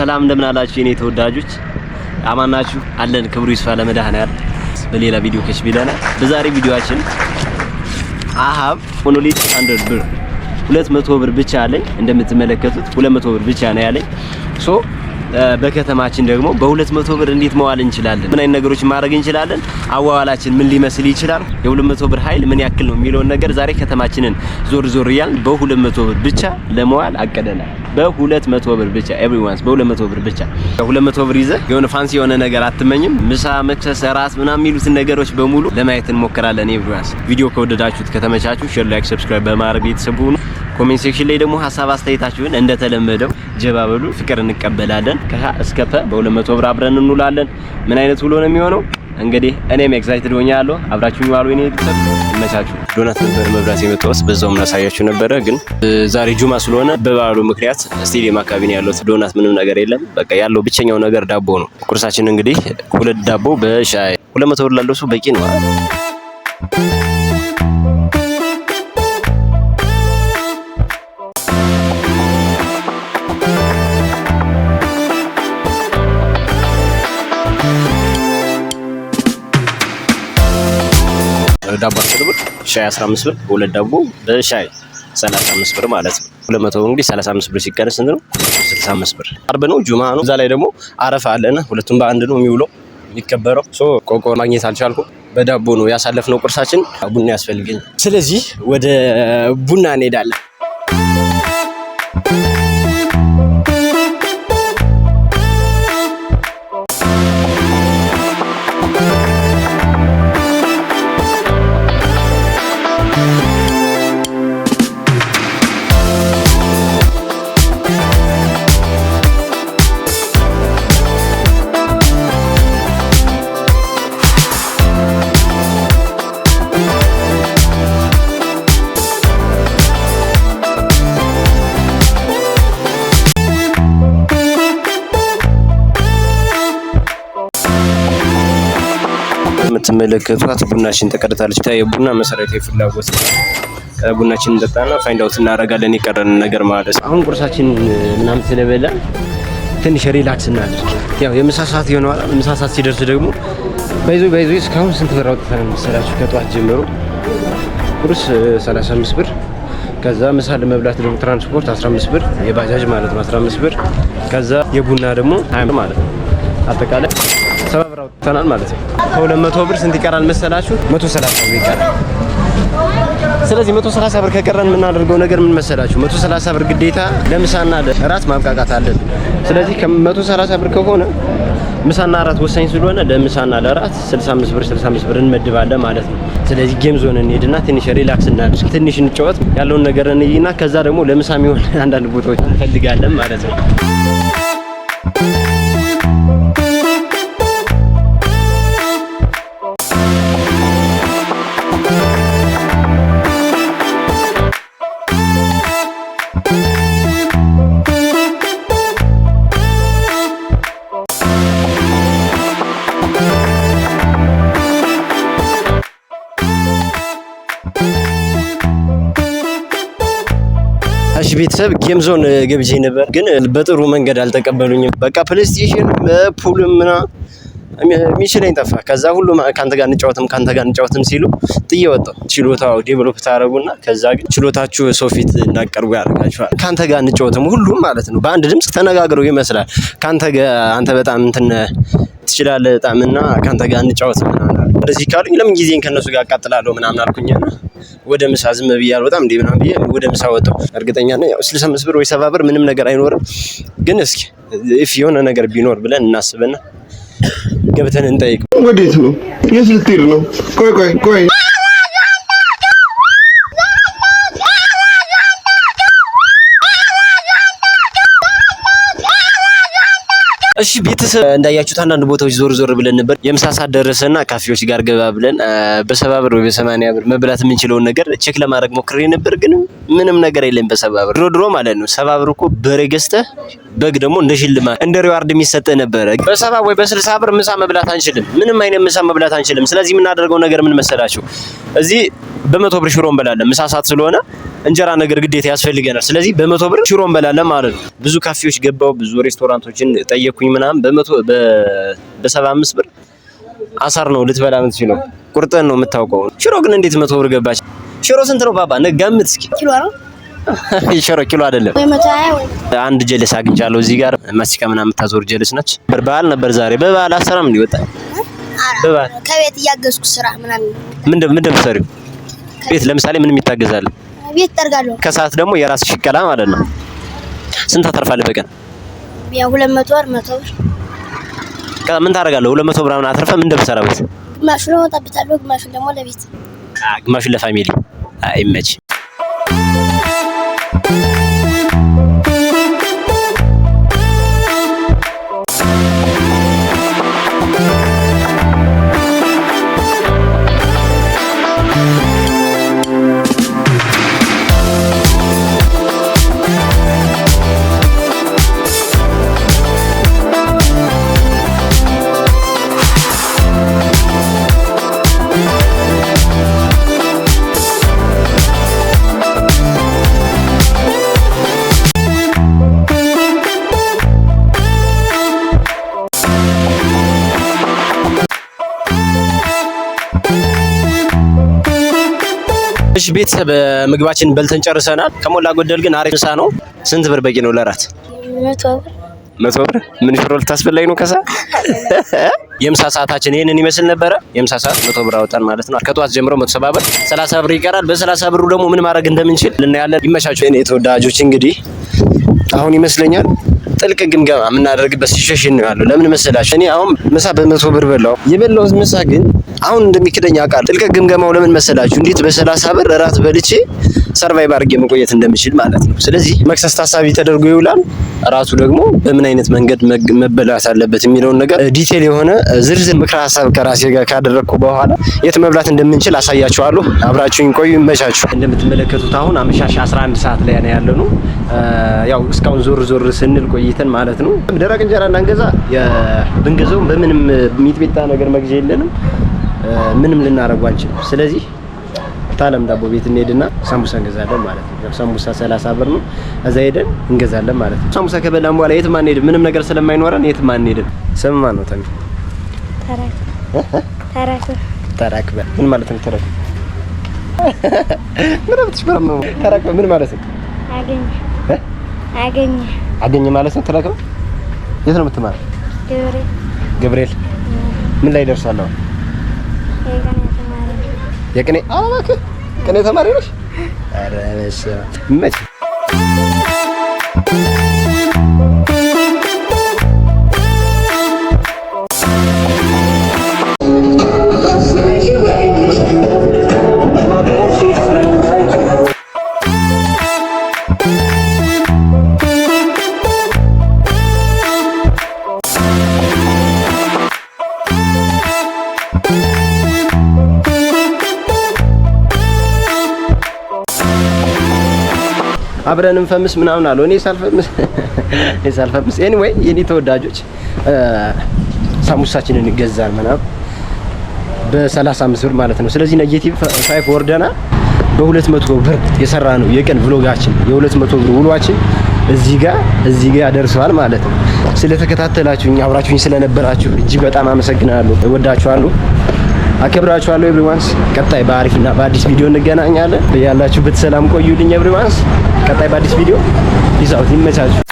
ሰላም እንደምን አላችሁ የኔ ተወዳጆች፣ አማናችሁ አለን። ክብሩ ይስፋ ለመድኃኔዓለም። በሌላ ቪዲዮ ከች ቢለና በዛሬ ቪዲዮአችን አሃብ ሞኖሊት 100 ብር 200 ብር ብቻ አለኝ። እንደምትመለከቱት 200 ብር ብቻ ነው ያለኝ ሶ በከተማችን ደግሞ በሁለት መቶ ብር እንዴት መዋል እንችላለን? ምን አይነት ነገሮች ማድረግ እንችላለን? አዋዋላችን ምን ሊመስል ይችላል? የሁለት መቶ ብር ኃይል ምን ያክል ነው የሚለውን ነገር ዛሬ ከተማችንን ዞር ዞር እያልን በሁለት መቶ ብር ብቻ ለመዋል አቀደናል። በሁለት መቶ ብር ብቻ ኤቭሪዋንስ በሁለት መቶ ብር ብቻ ሁለት መቶ ብር ይዘህ የሆነ ፋንሲ የሆነ ነገር አትመኝም። ምሳ፣ መክሰስ፣ ራስ ምናምን የሚሉትን ነገሮች በሙሉ ለማየት እንሞክራለን። ኤቭሪዋንስ ቪዲዮ ከወደዳችሁት ከተመቻችሁ ሼር፣ ላይክ፣ ሰብስክራይብ በማድረግ ቤተሰብ ሁኑ። ኮሜንት ሴክሽን ላይ ደግሞ ሀሳብ አስተያየታችሁን እንደተለመደው ጀባበሉ ፍቅር እንቀበላለን። ከሀ እስከ ፐ በ200 ብር አብረን እንውላለን። ምን አይነት ውሎ ነው የሚሆነው? እንግዲህ እኔም ኤክሳይትድ ሆኛለሁ። አብራችሁ ይዋሉ። እኔ ልትሰጥ እመቻችሁ። ዶናት ነበር መብራት የመጣሁት በዛውም ላሳያችሁ ነበረ፣ ግን ዛሬ ጁማ ስለሆነ በበዓሉ ምክንያት ስቴዲየም አካባቢ ነው ያለሁት። ዶናት ምንም ነገር የለም። በቃ ያለው ብቸኛው ነገር ዳቦ ነው። ቁርሳችን እንግዲህ ሁለት ዳቦ በሻይ 200 ብር ላለው ሰው በቂ ነው። 10 ብር፣ ሻይ 15 ብር፣ ሁለት ዳቦ በሻይ 35 ብር ማለት ነው። 200 እንግዲህ 35 ብር ሲቀነስ ስንት ነው? 65 ብር። አርብ ነው፣ ጁማ ነው። እዛ ላይ ደግሞ አረፋ አለና ሁለቱም በአንድ ነው የሚውለው የሚከበረው። ሶ ቆቆ ማግኘት አልቻልኩም። በዳቦ ነው ያሳለፍነው ቁርሳችን። ቡና ያስፈልገኝ። ስለዚህ ወደ ቡና እንሄዳለን። እንደምትመለከቷት ቡናችን ተቀድታለች። የቡና መሰረታዊ ፍላጎት ቡናችን እንጠጣና ፋይንድ አውት እናደርጋለን የቀረን ነገር ማለት አሁን ቁርሳችን ምናምን ስለበላ ትንሽ ሪላክስ እናድርግ። ያው የምሳ ሰዓት የሆነ ምሳ ሰዓት ሲደርስ ደግሞ ባይዞ ባይዞ እስካሁን ስንት ብር አውጥተን መሰላችሁ? ከጠዋት ጀምሮ ቁርስ 35 ብር ከዛ ምሳ ለመብላት ደግሞ ትራንስፖርት 15 ብር የባጃጅ ማለት ነው 15 ብር ከዛ የቡና ደግሞ 20 ማለት ነው አጠቃላይ ተናል ማለት ነው። ከሁለት መቶ ብር ስንት ይቀራል መሰላችሁ? መቶ ሰላሳ ብር ይቀራል። ስለዚህ መቶ ሰላሳ ብር ከቀረን የምናደርገው ነገር ምን መሰላችሁ? መቶ ሰላሳ ብር ግዴታ ለምሳና ለእራት ማብቃቃት አለን። ስለዚህ ከመቶ ሰላሳ ብር ከሆነ ምሳና እራት ወሳኝ ስለሆነ ለምሳና ለእራት 65 ብር 65 ብር እንመድባለን ማለት ነው። ስለዚህ ጌም ዞን እንሄድና ትንሽ ሪላክስ እናድርግ፣ ትንሽ እንጫወት፣ ያለውን ነገር እንይና ከዛ ደግሞ ለምሳ የሚሆን አንዳንድ ቦታዎች እንፈልጋለን ማለት ነው። ቤተሰብ ጌም ዞን ገብቼ ነበር፣ ግን በጥሩ መንገድ አልተቀበሉኝም። በቃ ፕሌስቴሽን ፑልም ምና ሚችለኝ ጠፋ። ከዛ ሁሉ ከአንተ ጋር እንጫወትም ከአንተ ጋር እንጫወትም ሲሉ ጥዬ ወጣሁ። ችሎታው ዴቨሎፕ ታደረጉና ከዛ ግን ችሎታችሁ ሰው ፊት እንዳቀርቡ ያደርጋችኋል። ከአንተ ጋር እንጫወትም ሁሉም ማለት ነው በአንድ ድምፅ ተነጋግረው ይመስላል ከአንተ ጋር አንተ በጣም እንትን ትችላለህ በጣም እና ካንተ ጋር እንጫወት ምናምን አለ። እንደዚህ ካሉኝ ለምን ጊዜን ከእነሱ ጋር አቃጥላለሁ ምናምን አልኩኝ። ና ወደ ምሳ ዝም ብዬ በጣም እንዴ ምናምን ብዬ ወደ ምሳ ወጣሁ። እርግጠኛ ነኝ ያው ስልሳ አምስት ብር ወይ ሰባ ብር ምንም ነገር አይኖርም። ግን እስኪ ኢፍ የሆነ ነገር ቢኖር ብለን እናስብና ገብተን እንጠይቅ። ወዴት ነው? የት ልትሄድ ነው? ቆይ ቆይ ቆይ እሺ ቤተሰብ እንዳያችሁት አንዳንድ ቦታዎች ዞር ዞር ብለን ነበር። የምሳ ሰዓት ደረሰና ካፌዎች ጋር ገባ ብለን በሰባ ብር ወይ በሰማንያ ብር መብላት የምንችለውን ነገር ቼክ ለማድረግ ሞክሬ ነበር፣ ግን ምንም ነገር የለም። በሰባ ብር ድሮ ድሮ ማለት ነው ሰባ ብር እኮ በሬ ገዝተህ በግ ደግሞ እንደ ሽልማት እንደ ሪዋርድ የሚሰጠ ነበረ። በሰባ ወይ በስልሳ ብር ምሳ መብላት አንችልም፣ ምንም አይነት ምሳ መብላት አንችልም። ስለዚህ የምናደርገው ነገር ምን መሰላችሁ? እዚህ በመቶ ብር ሽሮ እንበላለን ምሳ ሰዓት ስለሆነ እንጀራ ነገር ግዴታ ያስፈልገናል። ስለዚህ በመቶ ብር ሽሮ እንበላለን ማለት ነው። ብዙ ካፌዎች ገባው፣ ብዙ ሬስቶራንቶችን ጠየኩኝ ምናምን። በመቶ በሰባ አምስት ብር አሳር ነው ልትበላ የምትችለው። ቁርጥን ነው የምታውቀው። ሽሮ ግን እንዴት መቶ ብር ገባች? ሽሮ ስንት ነው ባባ? ነጋምት እስኪ ኪሎ ነው ሽሮ ኪሎ አይደለም። አንድ ጀለስ አግኝቻለሁ እዚህ ጋር ማስቲካ ምናምን የምታዞር ጀለስ ነች። በበዓል ነበር ዛሬ። በበዓል አሰራም እንዴ ወጣ? በበዓል ከቤት እያገዝኩ ስራ ምናምን። ምንድን ምንድን ደምሰሪው ቤት ለምሳሌ ምንም ይታገዛል ቤት ጠርጋለሁ። ከሰዓት ደግሞ የራስ ሽቀላ ማለት ነው። ስንት አተርፋለህ በቀን? ያ 200 ብር 100 ብር ምን ታደርጋለህ? 200 ብር ምናምን አተርፈህ ምን እንደምትሰራበት? ግማሹን አወጣበታለሁ፣ ግማሹን ደግሞ ለቤት፣ ግማሹን ለፋሚሊ። አይመች እሺ ቤተሰብ ምግባችን በልተን ጨርሰናል። ከሞላ ጎደል ግን አሪፍ ምሳ ነው። ስንት ብር በቂ ነው ለራት? መቶ ብር። ምን ሽሮ ልታስበላኝ ነው? ከሳ የምሳ ሰዓታችን ይህንን ይመስል ነበረ። የምሳ ሰዓት መቶ ብር አወጣን ማለት ነው። ከጠዋት ጀምሮ መቶ ሰባ ብር፣ ሰላሳ ብር ይቀራል። በሰላሳ ብሩ ደግሞ ምን ማድረግ እንደምንችል ልናያለን። ይመቻቸው የእኔ ተወዳጆች። እንግዲህ አሁን ይመስለኛል ጥልቅ ግምገማ የምናደርግበት ሲሸሽ እንላለሁ። ለምን መሰላችሁ? እኔ አሁን ምሳ በመቶ ብር በላው የበላሁት ምሳ ግን አሁን እንደሚክደኝ አውቃለሁ። ጥልቅ ግምገማው ለምን መሰላችሁ? እንዴት በሰላሳ ብር እራት በልቼ ሰርቫይቭ አድርጌ መቆየት እንደምችል ማለት ነው። ስለዚህ መክሰስ ታሳቢ ተደርጎ ይውላል። ራሱ ደግሞ በምን አይነት መንገድ መበላት አለበት የሚለውን ነገር ዲቴል የሆነ ዝርዝር ምክረ ሀሳብ ከራሴ ጋር ካደረግኩ በኋላ የት መብላት እንደምንችል አሳያችኋለሁ። አብራችሁኝ ቆዩ፣ ይመቻችሁ። እንደምትመለከቱት አሁን አመሻሽ 11 ሰዓት ላይ ነው ያለነው። ያው እስካሁን ዞር ዞር ስንል ቆይተን ማለት ነው። ደረቅ እንጀራ እንዳንገዛ ብንገዛውም በምንም ሚጥሚጣ ነገር መግዣ የለንም። ምንም ልናደርገው አንችልም። ስለዚህ አለም ዳቦ ቤት እንሄድና ሳምቡሳ እንገዛለን ማለት ነው። ሳምቡሳ 30 ብር ነው። እዛ ሄደን እንገዛለን ማለት ነው። ሳምቡሳ ከበላን በኋላ የትም አንሄድም፣ ምንም ነገር ስለማይኖረን የትም አንሄድም። ስም ማን ነው? ተሚ ተራክ ተራክ ተራክ ምን ማለት ነው? ተራክ ምንም ትሽበረም ነው? ተራክ ምን ማለት ነው? አገኘ አገኘ አገኘ ማለት ነው። ተራክ የት ነው የምትማረው? ገብርኤል ገብርኤል ምን ላይ ደርሳለሁ? የቅኔ ቅኔ ተማሪ ነሽ? ኧረ መቼም አብረን እንፈምስ ምናምን አለው። እኔ ሳልፈምስ እኔ ሳልፈምስ ኤኒዌይ የኔ ተወዳጆች ሳሙሳችንን እንገዛል ምናምን በ35 ብር ማለት ነው። ስለዚህ ኔጌቲቭ ፋይፍ ወርደና በ200 ብር የሰራ ነው የቀን ብሎጋችን የ200 ብር ውሏችን እዚህ ጋር እዚህ ጋር ያደርሰዋል ማለት ነው። ስለተከታተላችሁኝ አብራችሁኝ ስለነበራችሁ እጅግ በጣም አመሰግናለሁ። እወዳችኋለሁ። አከብራችኋለሁ ኤቭሪዋንስ። ቀጣይ በአሪፍና በአዲስ ቪዲዮ እንገናኛለን። ያላችሁበት ሰላም ቆዩልኝ ኤቭሪዋንስ። ቀጣይ በአዲስ ቪዲዮ ይዛውት ይመቻችሁ።